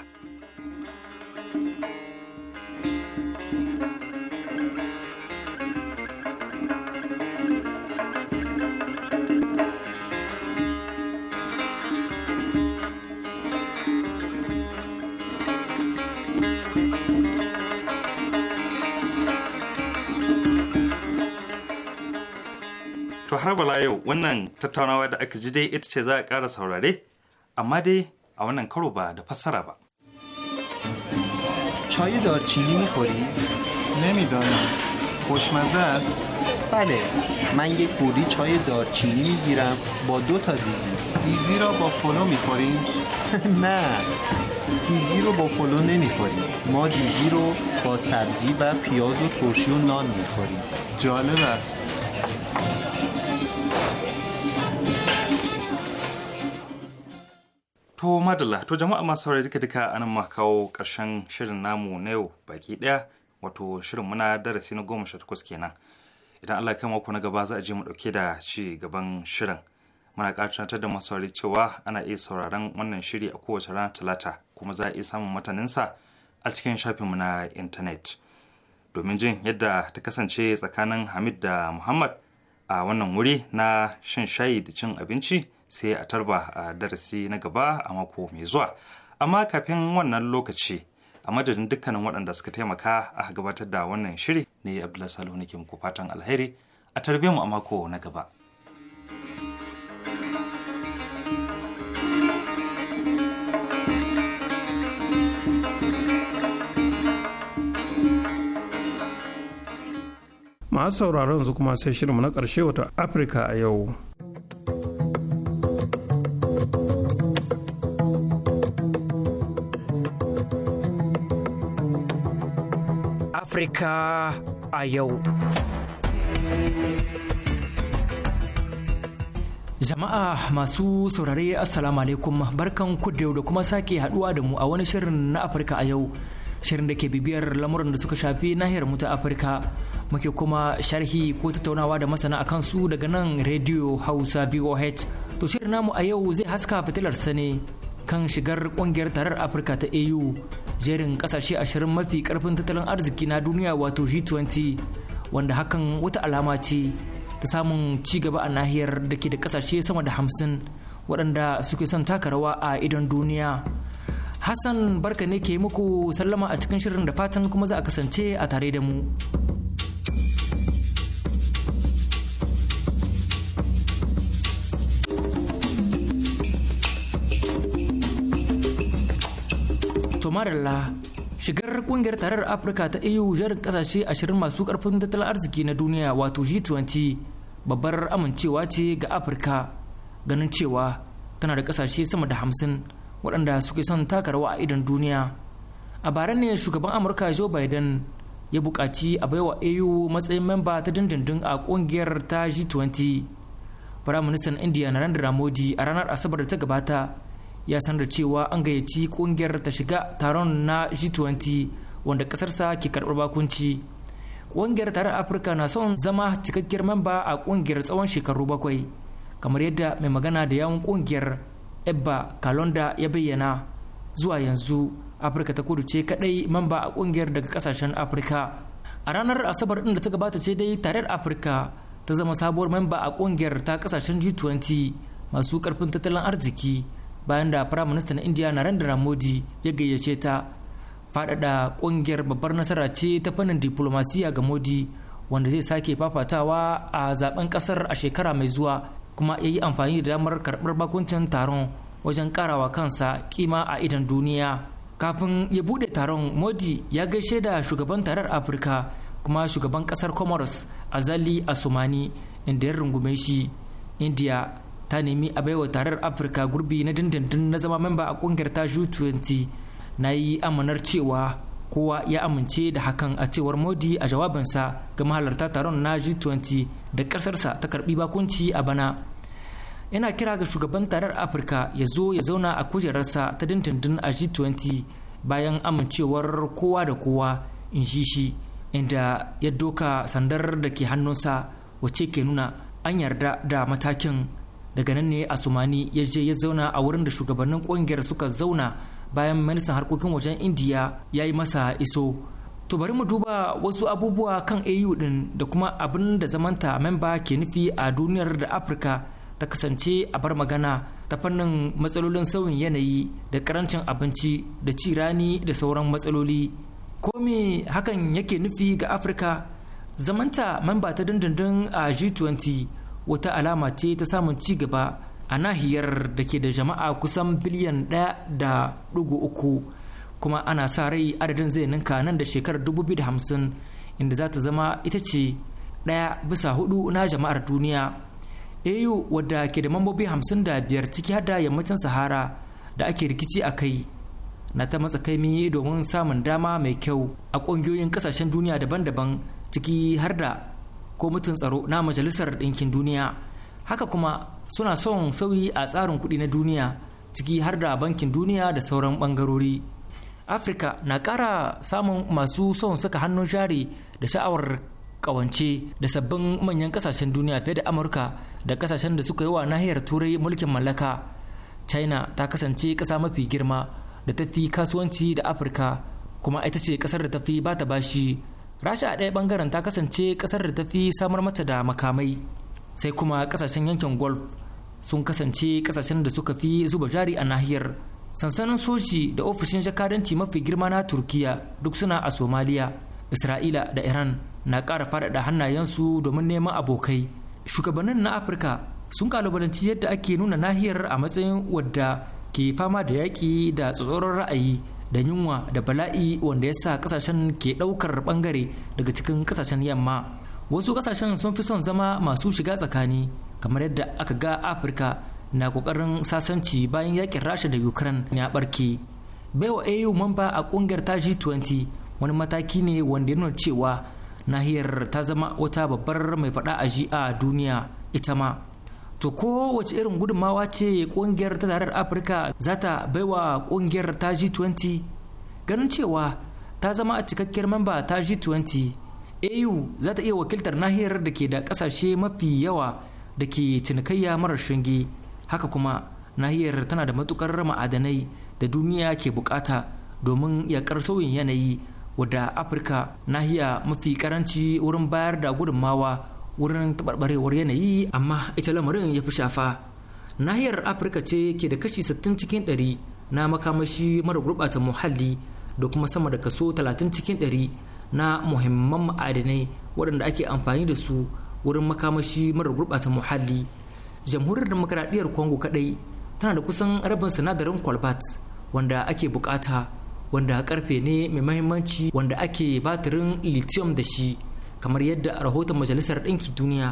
[SPEAKER 6] to har bala yau wannan tattaunawa da aka ji dai ita ce za a ƙara saurare amma dai a
[SPEAKER 15] wannan karo ba da fassara ba چای دارچینی میخوری؟ نمیدانم خوشمزه است؟ بله من یک بوری چای دارچینی میگیرم با دو تا دیزی دیزی را با پلو میخوریم؟ نه دیزی رو با پلو نمیخوریم ما دیزی رو با سبزی و پیاز و ترشی و نان میخوریم جالب است To madalla
[SPEAKER 6] to jama'a masu saurari duka duka anan ma kawo ƙarshen shirin namu na yau baki ɗaya wato shirin muna darasi na goma sha takwas kenan. Idan Allah kai mako na gaba za a je mu ɗauke da ci gaban shirin. Muna ƙarfatar da masu saurari cewa ana iya sauraron wannan shiri a kowace rana talata kuma za a iya samun mataninsa a cikin shafinmu na intanet. Domin jin yadda ta kasance tsakanin Hamid da Muhammad a wannan wuri na shan shayi da cin abinci sai a tarba a darasi na gaba a mako mai zuwa amma kafin wannan lokaci a madadin dukkanin waɗanda suka taimaka a gabatar da wannan shiri ne abdullahi nake muku fatan alheri a tarbe mu a mako na gaba.
[SPEAKER 2] masu sauraron su kuma sai shirinmu na ƙarshe wata afirka a yau
[SPEAKER 7] Afirka a yau. Jama'a masu saurare Assalamu alaikum barkan ku da kuma sake haduwa da mu a wani shirin na Afirka a yau. Shirin da ke bibiyar lamurin da suka shafi nahiyar mu ta Afirka. Muke kuma sharhi ko tattaunawa da masana akan su daga nan Radio Hausa VOH. To shirin namu a yau zai haska fitilar sani. kan shigar kungiyar tarar afirka ta au jerin kasashe ashirin mafi karfin tattalin arziki na duniya wato g20 wanda hakan wata alama ce ta samun ci gaba a nahiyar da ke da kasashe sama da hamsin waɗanda suke son taka rawa a idon duniya hassan barka ne ke muku sallama a cikin shirin da fatan kuma za a kasance a tare da mu. Tomarilla shigar kungiyar tarar Afirka ta EU jarin kasashe ashirin masu karfin tattalin arziki na duniya wato G20 babbar amincewa ce ga Afirka ganin cewa tana da kasashe sama da hamsin waɗanda suke son taka rawa a idan duniya. A bara ne shugaban Amurka Joe Biden ya buƙaci a baiwa AU matsayin memba ta dindindin a ƙungiyar ta G20. Firaministan Indiya Narendra ramodi a ranar Asabar da ta gabata ya sanar cewa an gayyaci kungiyar ta shiga taron na G20 wanda kasarsa ke karɓar bakunci. Kungiyar taron Afirka na son zama cikakkiyar mamba a kungiyar tsawon shekaru bakwai kamar yadda mai magana da yawon kungiyar Ebba Kalonda ya bayyana zuwa yanzu Afirka ta kudu ce kadai mamba a kungiyar daga kasashen Afirka. A ranar Asabar ɗin da ta gabata ce dai tarayyar Afirka ta zama sabuwar mamba a kungiyar ta kasashen G20 masu karfin tattalin arziki bayan da firaministan indiya narendra modi ya gayyace ta faɗaɗa ƙungiyar babbar nasara ce ta fannin diplomasiya ga modi wanda zai sake fafatawa a zaben ƙasar a shekara mai zuwa kuma ya yi amfani da damar karɓar bakuncin taron wajen ƙarawa kansa kima a idan duniya kafin ya buɗe taron modi ya gaishe da shugaban tarar afirka kuma shugaban ƙasar comoros azali asumani inda ya rungume shi india ta nemi a baiwa tarar afirka gurbi na dindindin na zama memba a kungiyar ta g20 na yi amanar cewa kowa ya amince da hakan a cewar modi a jawabinsa ga mahalarta taron na g20 da ƙasarsa ta karbi bakunci a bana yana kira ga shugaban tarar afirka ya zo ya zauna a kujerarsa ta dindindin a g20 bayan amincewar kowa da kowa in shi shi inda ya doka sandar da ke hannunsa wace ke nuna an yarda da matakin daga nan ne asumani ya je ya zauna a wurin da shugabannin kungiyar suka zauna bayan ministan harkokin wajen indiya ya yi masa iso to bari mu duba wasu abubuwa kan au din da kuma abin da zamanta memba ke nufi a duniyar da afirka ta kasance a bar magana ta fannin matsalolin sauyin yanayi da karancin abinci da ci rani da sauran matsaloli komi hakan yake nufi ga afirka zamanta memba ta dindindin a g20 wata alama ce ta samun ci gaba a nahiyar da ke da jama'a kusan biliyan ɗaya da ɗugu uku kuma ana sa rai adadin zai ninka nan da shekarar dubu biyu da hamsin inda za ta zama ita ce ɗaya bisa hudu na jama'ar duniya au wadda ke da mambobi hamsin da biyar ciki har yammacin sahara da ake rikici a kai na ta matsa kaimi domin samun dama mai kyau a ƙungiyoyin ƙasashen duniya daban-daban ciki har da kwamitin tsaro na majalisar ɗinkin duniya haka kuma suna son sauyi a tsarin kuɗi na duniya ciki har da bankin duniya da sauran bangarori. afirka na ƙara samun masu son saka hannun jari da sha'awar ƙawance da sabbin manyan ƙasashen duniya fiye da amurka da ƙasashen da suka yi wa nahiyar turai mulkin mallaka china ta kasance ƙasa mafi girma da ta fi kasuwanci da afirka kuma ita ce ƙasar da ta fi ba ta bashi rasha a ɗaya bangaren ta kasance ƙasar da ta fi samar mata da makamai sai kuma ƙasashen yankin golf sun kasance ƙasashen da suka fi zuba jari a nahiyar sansanin soji da ofishin jakadanci mafi girma na turkiya duk suna a somaliya isra'ila da iran na ƙara faɗaɗa hannayensu domin neman abokai shugabannin na afirka sun kalubalanci yadda ake nuna nahiyar a matsayin wadda ke fama da yaƙi da tsatsoron ra'ayi da yunwa da bala'i wanda ya sa kasashen ke ɗaukar ɓangare daga cikin kasashen yamma wasu kasashen sun fi son zama masu shiga tsakani kamar yadda aka ga afirka na kokarin sasanci bayan yakin rasha da ukraine ya barke baiwa au mamba a kungiyar ta g20 wani mataki ne wanda ya nuna cewa nahiyar ta zama wata babbar mai faɗa a ji a duniya ita ma to ko wace irin gudunmawa ce kungiyar ta tarar afirka za ta baiwa kungiyar ta g20 ganin cewa ta zama a cikakkiyar mamba ta g20 au za ta iya wakiltar nahiyar da ke da kasashe mafi yawa da ke cinikayya marar shinge haka kuma nahiyar tana da matukar ma'adanai da duniya ke bukata domin yakar sauyin yanayi wadda afirka nahiya mafi karanci wurin bayar da gudunmawa wurin taɓarɓarewar yanayi amma ita lamarin ya fi shafa nahiyar afirka ce ke da kashi 60 cikin 100 na makamashi mara gurɓata muhalli da kuma sama da kaso 30 cikin 100 na muhimman ma'adinai waɗanda ake amfani da su wurin makamashi mara gurɓata muhalli jamhuriyar demokradiyyar congo kaɗai tana da kusan rabin sinadarin kwalbat wanda ake bukata wanda karfe ne mai mahimmanci wanda ake batirin lithium da shi kamar yadda a rahoton majalisar ɗinki duniya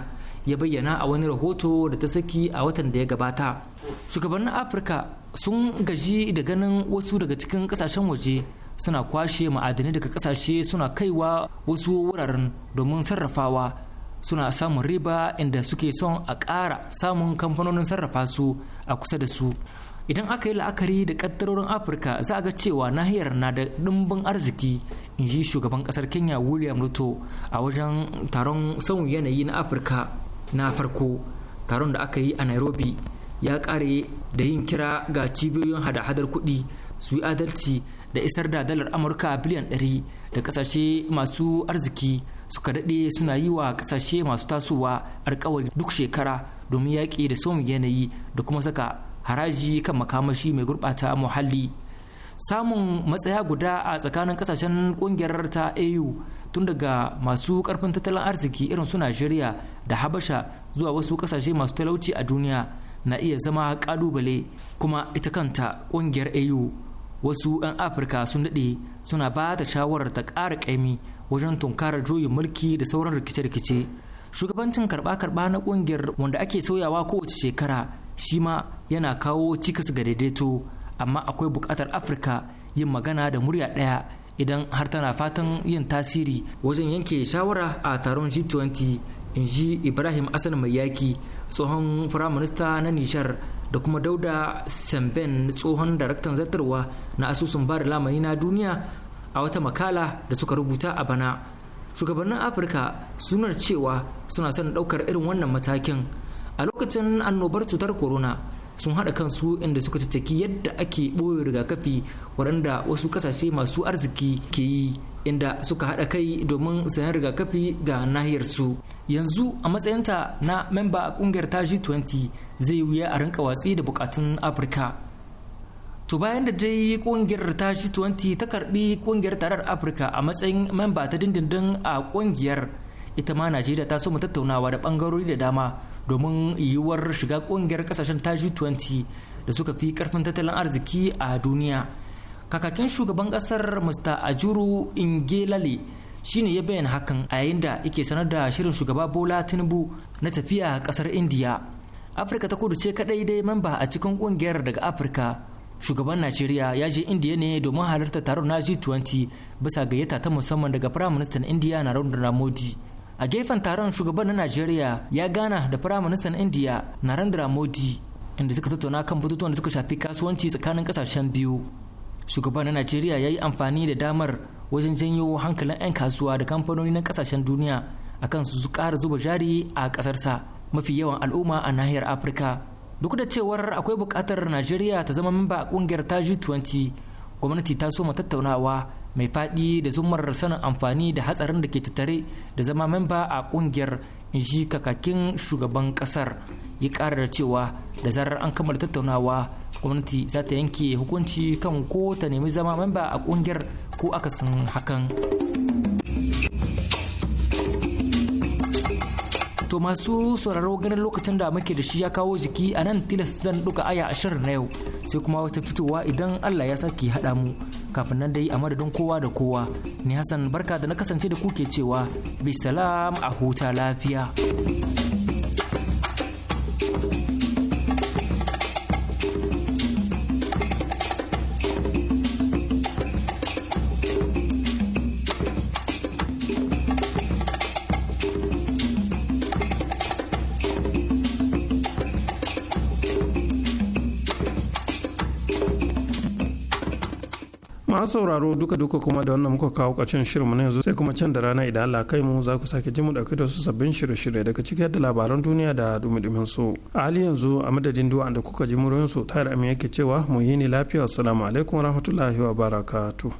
[SPEAKER 7] ya bayyana a wani rahoto da ta saki a watan da ya gabata shugabannin afirka sun gaji da ganin wasu daga cikin kasashen waje suna kwashe ma'adanai daga kasashe suna kaiwa wasu wuraren domin sarrafawa suna samun riba inda suke son a ƙara samun kamfanonin sarrafa su a kusa da su idan aka yi la'akari da kaddarorin afirka za a ga cewa nahiyar na da ɗimbin arziki in ji shugaban ƙasar kenya william ruto a wajen taron sauyin yanayi na afirka na farko taron da aka yi a nairobi ya kare da yin kira ga cibiyoyin hada-hadar kuɗi su yi adalci da isar da dalar amurka biliyan 100 da ƙasashe masu arziki suka daɗe suna yi wa ƙasashe masu tasowa alkawari duk shekara domin yaƙi da sauyin yanayi da kuma saka haraji kan makamashi mai gurɓata muhalli samun matsaya guda a tsakanin kasashen kungiyar ta au tun daga masu karfin tattalin arziki irin su najeriya da habasha zuwa wasu kasashe masu talauci a duniya na iya zama kalubale kuma ita kanta kungiyar au wasu 'yan afirka sun daɗe suna ba ta shawarar ta ƙara ƙaimi wajen tunkarar juyin mulki da sauran rikice-rikice shugabancin karba-karba na ƙungiyar wanda ake sauyawa kowace shekara shi ma yana kawo cikas ga daidaito amma akwai bukatar afirka yin magana da murya ɗaya idan har tana fatan yin tasiri wajen yanke shawara a taron g20 in ji ibrahim asan mai yaki tsohon firaminista na nishar da kuma dauda samben tsohon daraktan zartarwa na asusun bada lamani na duniya a wata makala da suka rubuta a bana shugabannin afirka sunar cewa suna son daukar irin wannan matakin a lokacin annobar cutar corona sun haɗa kansu inda suka caccaki yadda ake ɓoye rigakafi waɗanda wasu ƙasashe masu arziki ke yi inda suka haɗa kai domin sayan rigakafi ga nahiyarsu yanzu a matsayinta na memba a ƙungiyar ta g20 zai wuya a rinka watsi da bukatun afirka to bayan da dai ƙungiyar ta g20 ta karbi ƙungiyar tarar afirka a matsayin memba ta dindindin a ƙungiyar ita ma najeriya ta so mu tattaunawa da bangarori da dama domin yiwuwar shiga kungiyar kasashen ta G20 da suka fi karfin tattalin arziki a duniya. Kakakin shugaban kasar Mr. Ajuru Ingelale shine ya bayyana hakan a yayin da yake sanar da shirin shugaba Bola Tinubu na tafiya kasar India. Afirka ta kudu ce kadai dai mamba a cikin kungiyar daga Afirka. Shugaban Najeriya ya je Indiya ne domin halarta taron na G20 bisa gayyata ta musamman daga Firaministan Indiya Narendra Modi. a gefen taron shugaban na najeriya ya gana da firaministan indiya narendra modi inda suka tattauna kan batutuwan da suka shafi kasuwanci tsakanin kasashen biyu shugaban na najeriya ya yi amfani da damar wajen janyo hankalin 'yan kasuwa da kamfanoni na kasashen duniya akan su ƙara zuba jari a ƙasarsa mafi yawan al'umma a nahiyar afirka duk da cewar akwai buƙatar najeriya ta zama mamba a ƙungiyar ta g20 gwamnati ta soma tattaunawa mai faɗi da zumar sanin amfani da hatsarin da ke tattare da zama memba a ƙungiyar ji kakakin shugaban kasar ya ƙara da cewa da zarar an kammala tattaunawa gwamnati za ta yanke hukunci kan ko ta nemi zama memba a kungiyar ko akasin hakan. To masu sauraro ganin lokacin da muke da shi ya kawo jiki a nan tilas zan duka aya ashirin na yau sai kuma wata fitowa idan Allah ya saki haɗa mu kafin nan dai a madadin kowa da kowa ni Hassan barka da na kasance da ku ke cewa bisalam a huta lafiya.
[SPEAKER 2] masu sauraro duka duka kuma da wannan muka kawo ƙarshen shirin na yanzu sai kuma can da rana idan Allah kai mu za ku sake ji mu kai da su sabbin shirye-shirye daga cikin da labaran duniya da dumi-dumin su a hali yanzu a madadin duwa da kuka ji muryoyin su tayar amin yake cewa mu yi ni lafiya assalamu alaikum warahmatullahi barakatu.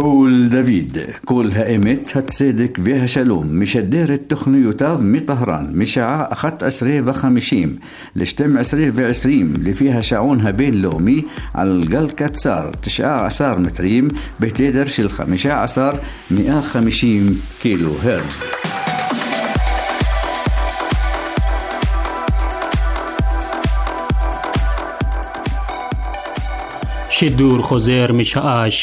[SPEAKER 3] كول دافيد كول ايمت هتسيدك بها شلوم مش الدير التخني يتاب مي طهران عا أخت أسري بخمشيم لشتم أسري بعسريم اللي فيها شعونها بين لومي على القل كتسار تشعى عصار متريم بتدرش الخمشة عصار مئة خمشيم كيلو هرز
[SPEAKER 4] شدور خزير مش